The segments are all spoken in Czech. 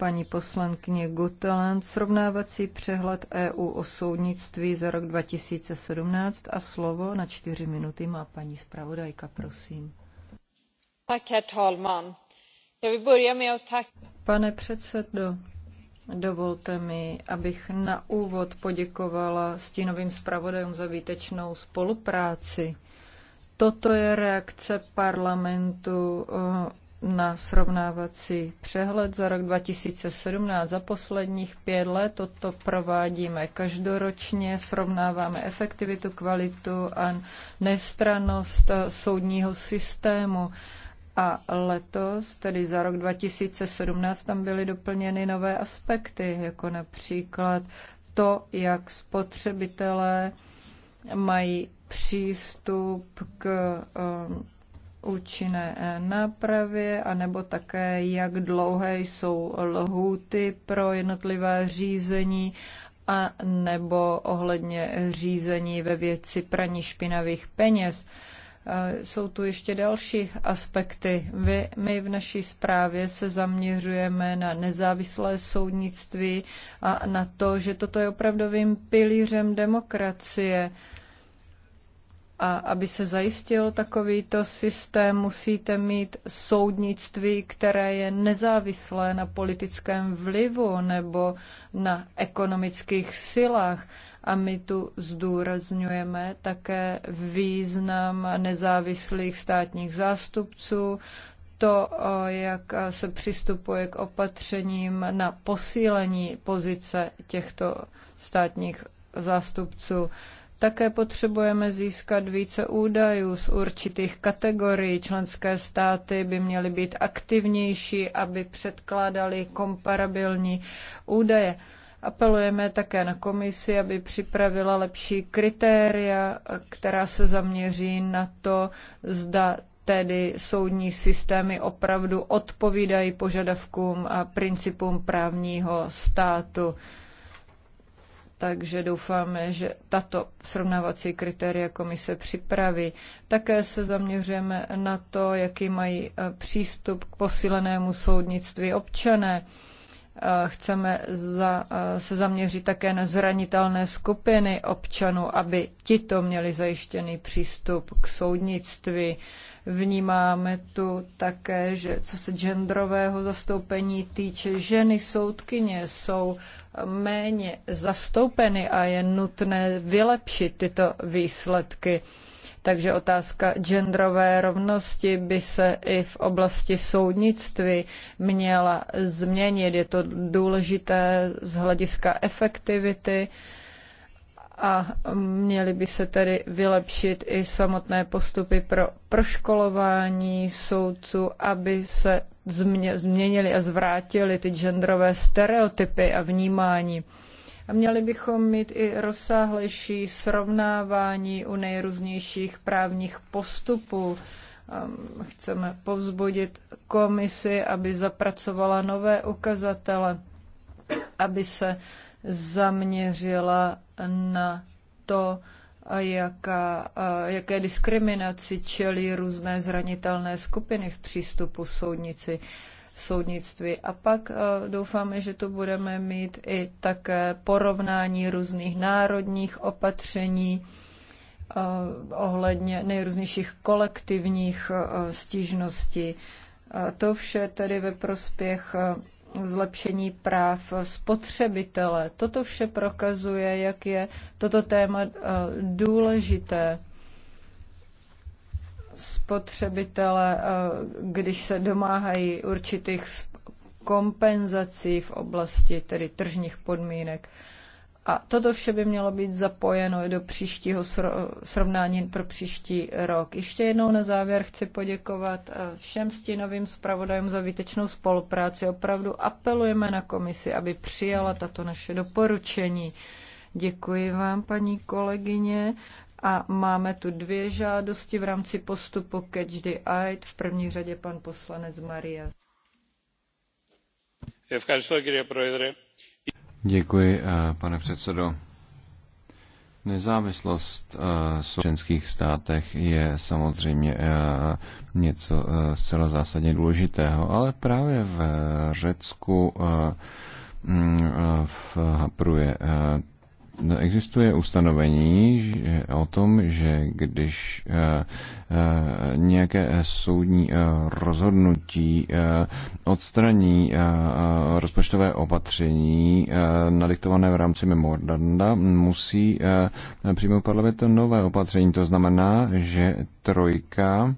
paní poslankyně Guteland, srovnávací přehled EU o soudnictví za rok 2017 a slovo na čtyři minuty má paní zpravodajka, prosím. Pane předsedo, Dovolte mi, abych na úvod poděkovala stínovým zpravodajům za výtečnou spolupráci. Toto je reakce parlamentu eh, na srovnávací přehled za rok 2017. Za posledních pět let toto provádíme každoročně, srovnáváme efektivitu, kvalitu a nestranost soudního systému. A letos, tedy za rok 2017, tam byly doplněny nové aspekty, jako například to, jak spotřebitelé mají přístup k um, účinné eh, nápravě, anebo také jak dlouhé jsou lhůty pro jednotlivá řízení a nebo ohledně řízení ve věci praní špinavých peněz. Eh, jsou tu ještě další aspekty. Vy, my v naší zprávě se zaměřujeme na nezávislé soudnictví a na to, že toto je opravdovým pilířem demokracie. A aby se zajistil takovýto systém, musíte mít soudnictví, které je nezávislé na politickém vlivu nebo na ekonomických silách. A my tu zdůrazňujeme také význam nezávislých státních zástupců, to, jak se přistupuje k opatřením na posílení pozice těchto státních zástupců. Také potřebujeme získat více údajů z určitých kategorií. Členské státy by měly být aktivnější, aby předkládali komparabilní údaje. Apelujeme také na komisi, aby připravila lepší kritéria, která se zaměří na to, zda tedy soudní systémy opravdu odpovídají požadavkům a principům právního státu takže doufáme, že tato srovnávací kritéria komise připraví. Také se zaměřujeme na to, jaký mají eh, přístup k posílenému soudnictví občané. Eh, chceme za, eh, se zaměřit také na zranitelné skupiny občanů, aby tito měli zajištěný přístup k soudnictví. Vnímáme tu také, že co se genderového zastoupení týče, ženy soudkyně jsou méně zastoupeny a je nutné vylepšit tyto výsledky. Takže otázka genderové rovnosti by se i v oblasti soudnictví měla změnit. Je to důležité z hlediska efektivity a měly by se tedy vylepšit i samotné postupy pro proškolování soudců, aby se změnily a zvrátily ty genderové stereotypy a vnímání. Měli bychom mít i rozsáhlejší srovnávání u nejrůznějších právních postupů. Ehm, chceme povzbudit komisi, aby zapracovala nové ukazatele, aby se zaměřila na to, jaká, jaké diskriminaci čelí různé zranitelné skupiny v přístupu soudnici soudnictví. A pak eh, doufáme, že to budeme mít i také porovnání různých národních opatření eh, ohledně nejrůznějších kolektivních eh, stížností. A to vše tedy ve prospěch zlepšení práv spotřebitele. Toto vše prokazuje, jak je toto téma důležité spotřebitele, eh, když se domáhají určitých kompenzací v oblasti tedy tržních podmínek. A toto vše by mělo být zapojeno do příštího srovnání pro příští rok. Ještě jednou na závěr chci poděkovat eh, všem stínovým zpravodajům za výtečnou spolupráci. Opravdu apelujeme na komisi, aby přijala tato naše doporučení. Děkuji vám, paní kolegyně. A máme tu dvě žádosti v rámci postupu Catch the Eye. V první řadě pan poslanec Maria. Děkuji, eh, pane předsedo. Nezávislost eh, v členských státech je samozřejmě eh, něco zcela zásadně důležitého, ale právě v Řecku mm, v Hapru je Existuje ustanovení že o tom, že když eh, eh, nějaké soudní eh, rozhodnutí odstraní rozpočtové opatření nadiktované v rámci memoranda, musí přímo parlament nové opatření. To znamená, že trojka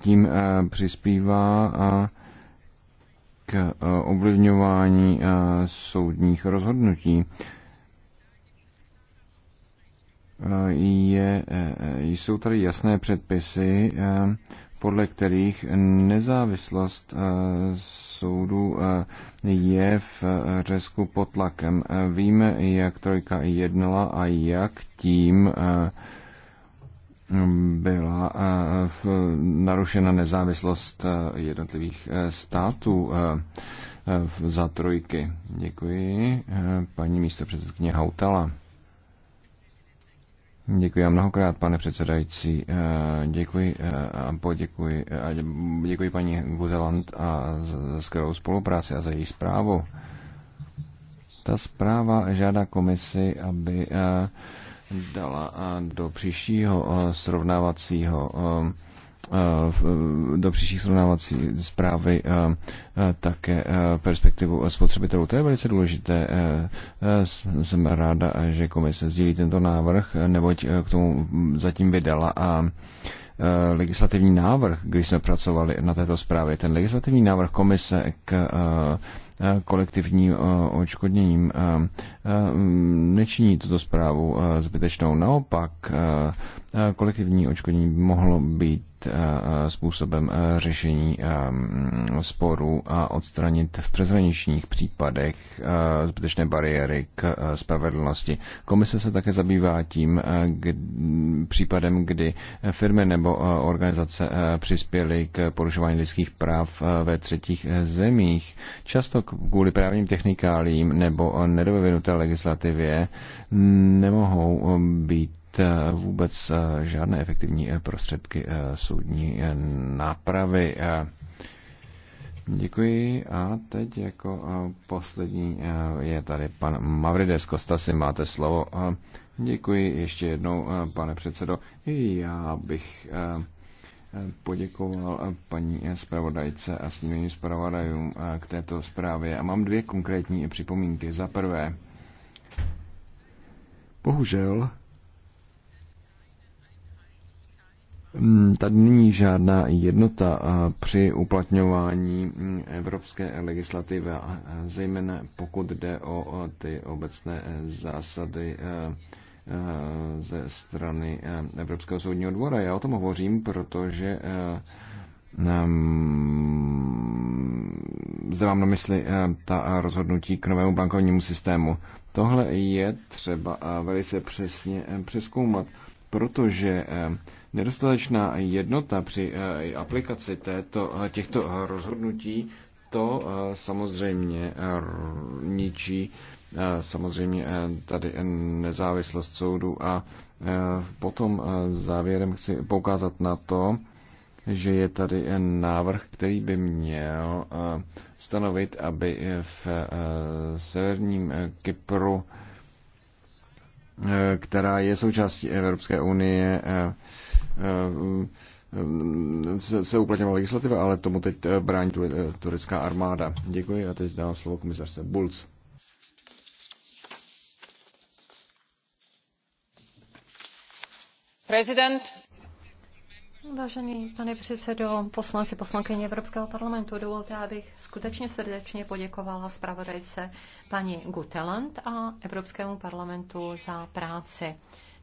tím přispívá a k eh, ovlivňování eh, soudních rozhodnutí eh, je, jsou tady jasné předpisy, podle kterých nezávislost soudu je v Řesku pod tlakem. Víme, jak Trojka jednala a jak tím byla eh, narušena nezávislost eh, jednotlivých eh, států za trojky. Děkuji. Paní místo předsedkyně Hautala. Děkuji a mnohokrát, pane předsedající. Děkuji a poděkuji. A děkuji paní Guzeland a za skvělou spolupráci a za její zprávu. Ta zpráva žádá komisi, aby dala do příštího srovnávacího do příštích srovnávací zprávy také perspektivu spotřebitelů. To je velice důležité. Jsem ráda, že komise sdílí tento návrh, neboť k tomu zatím vydala a Eh, legislativní návrh, když jsme pracovali na této zprávě, ten legislativní návrh komise k eh, eh, kolektivním očkodněním nečiní tuto zprávu zbytečnou. Naopak, kolektivní očkodnění mohlo být Eh, eh, způsobem eh, řešení sporů a odstranit v přezraničních případech zbytečné bariéry k spravedlnosti. Komise se také zabývá tím případem, kdy firmy nebo organizace přispěly k porušování lidských práv ve třetích zemích, často kvůli právním technikálím nebo nedovinuté legislativě nemohou být Eh, vůbec eh, žádné efektivní eh, prostředky soudní nápravy. Děkuji a teď jako poslední je tady pan Mavrides Kostasi, máte slovo. Děkuji ještě jednou, pane předsedo. Já bych poděkoval paní zpravodajce a snímení zpravodajům k této zprávě a mám dvě konkrétní připomínky. Za prvé, bohužel Mm, tady není žádná jednota při uplatňování mm, evropské legislativy, zejména pokud jde o ty obecné e, zásady e, e, ze strany Evropského soudního dvora. Já o tom hovořím, protože zde mám na mysli ta rozhodnutí k novému bankovnímu systému. Tohle je třeba velice přesně přeskoumat, protože Nedostatečná jednota při eh, aplikaci této, eh, těchto eh, rozhodnutí to samozřejmě ničí samozřejmě tady nezávislost soudu a potom závěrem chci poukázat na to, že je tady návrh, který by měl stanovit, aby v severním Kypru, která je součástí Evropské unie, Eh, eh, se, se uplatňovala legislativa, ale tomu teď eh, brání turecká armáda. Děkuji a teď dám slovo komisarce Bulc. Prezident. Vážený pane předsedo, poslanci, poslankyně Evropského parlamentu, dovolte, abych skutečně srdečně poděkovala zpravodajce paní Guteland a Evropskému parlamentu za práci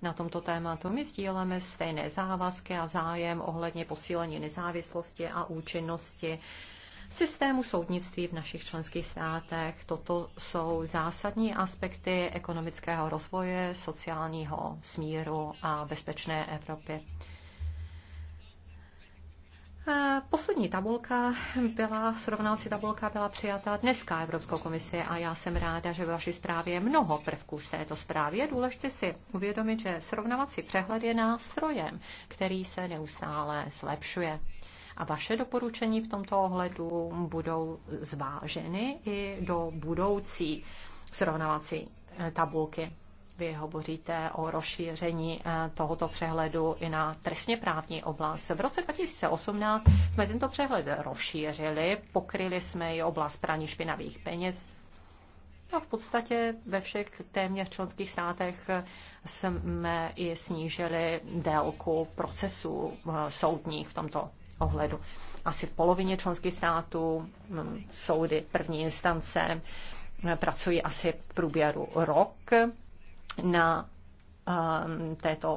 na tomto tématu. My sdíleme stejné závazky a zájem ohledně posílení nezávislosti a účinnosti systému soudnictví v našich členských státech. Toto jsou zásadní aspekty ekonomického rozvoje, sociálního smíru a bezpečné Evropy. Eh, poslední tabulka byla, srovnávací tabulka byla přijata dneska Evropskou komisi a já jsem ráda, že v vaší zprávě je mnoho prvků z této zprávy. Je důležité si uvědomit, že srovnávací přehled je nástrojem, který se neustále zlepšuje. A vaše doporučení v tomto ohledu budou zváženy i do budoucí srovnávací eh, tabulky. Vy hovoříte o rozšíření eh, tohoto přehledu i na trestně právní oblast. V roce 2018 jsme tento přehled rozšířili, pokryli jsme i oblast praní špinavých peněz. A v podstatě ve všech téměř členských státech eh, jsme i snížili délku procesů eh, soudních v tomto ohledu. Asi v polovině členských států hm, soudy první instance pracují asi v průběru rok na um, této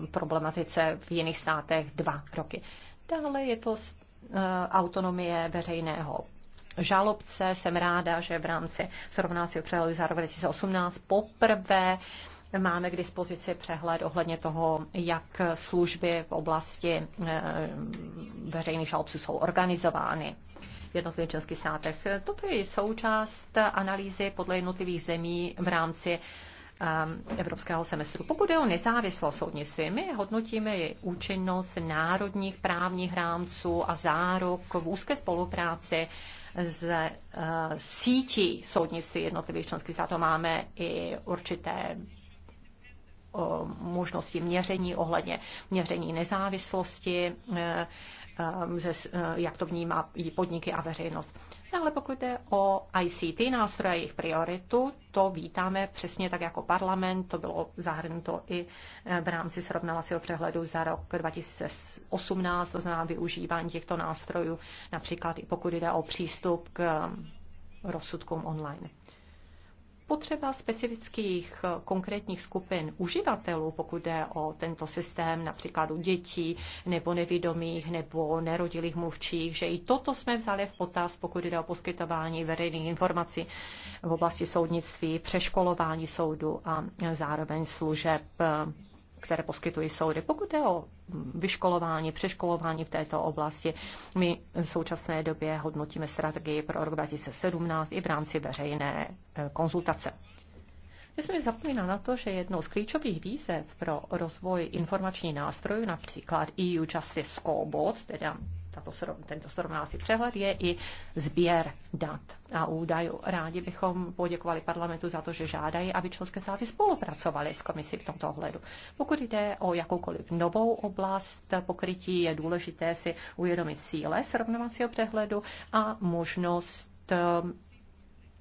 um, problematice v jiných státech dva roky. Dále je to uh, autonomie veřejného žalobce. Jsem ráda, že v rámci srovnácího přehledu za rok 2018 poprvé máme k dispozici přehled ohledně toho, jak služby v oblasti uh, veřejných žalobců jsou organizovány jednotlivých členských státech. Toto je součást analýzy podle jednotlivých zemí v rámci Um, evropského semestru. Pokud je o nezávislost soudnictví, my hodnotíme i účinnost národních právních rámců a zárok v úzké spolupráci z uh, sítí soudnictví jednotlivých členských států. Máme i určité uh, možnosti měření ohledně měření nezávislosti uh, Eh, eh, jak to vnímá podniky a veřejnost. Ale pokud jde o ICT nástroje, jejich prioritu, to vítáme přesně tak jako parlament, to bylo zahrnuto i eh, v rámci srovnávacího přehledu za rok 2018, to znamená využívání těchto nástrojů, například i pokud jde o přístup k rozsudkům online potřeba specifických eh, konkrétních skupin uživatelů, pokud jde o tento systém, například u dětí nebo nevědomých nebo nerodilých mluvčích, že i toto jsme vzali v potaz, pokud jde o poskytování veřejných informací v oblasti soudnictví, přeškolování soudu a zároveň služeb eh, které poskytují soudy. Pokud je o vyškolování, přeškolování v této oblasti, my v současné době hodnotíme strategii pro rok 2017 i v rámci veřejné eh, konzultace. Nesmíme zapomínat na to, že jednou z klíčových výzev pro rozvoj informačních nástrojů, například EU Justice Scoreboard, teda tato, tento srovnávací přehled je i sběr dat a údajů. Rádi bychom poděkovali parlamentu za to, že žádají, aby členské státy spolupracovaly s komisí v tomto ohledu. Pokud jde o jakoukoliv novou oblast pokrytí, je důležité si uvědomit síle srovnávacího přehledu a možnost um,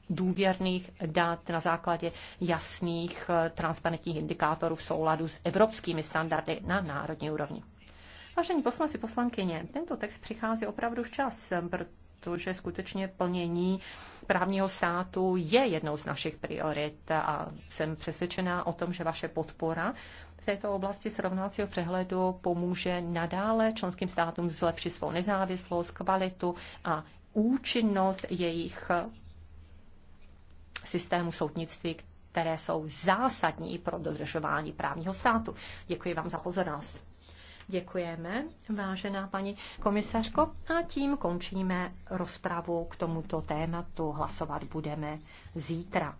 důvěrných dat na základě jasných transparentních indikátorů v souladu s evropskými standardy na národní úrovni. Vážení poslanci, poslankyně, tento text přichází opravdu včas, protože skutečně plnění právního státu je jednou z našich priorit a jsem přesvědčená o tom, že vaše podpora v této oblasti srovnávacího přehledu pomůže nadále členským státům zlepšit svou nezávislost, kvalitu a účinnost jejich systému soudnictví, které jsou zásadní pro dodržování právního státu. Děkuji vám za pozornost. Děkujeme, vážená paní komisařko. A tím končíme rozpravu k tomuto tématu. Hlasovat budeme zítra.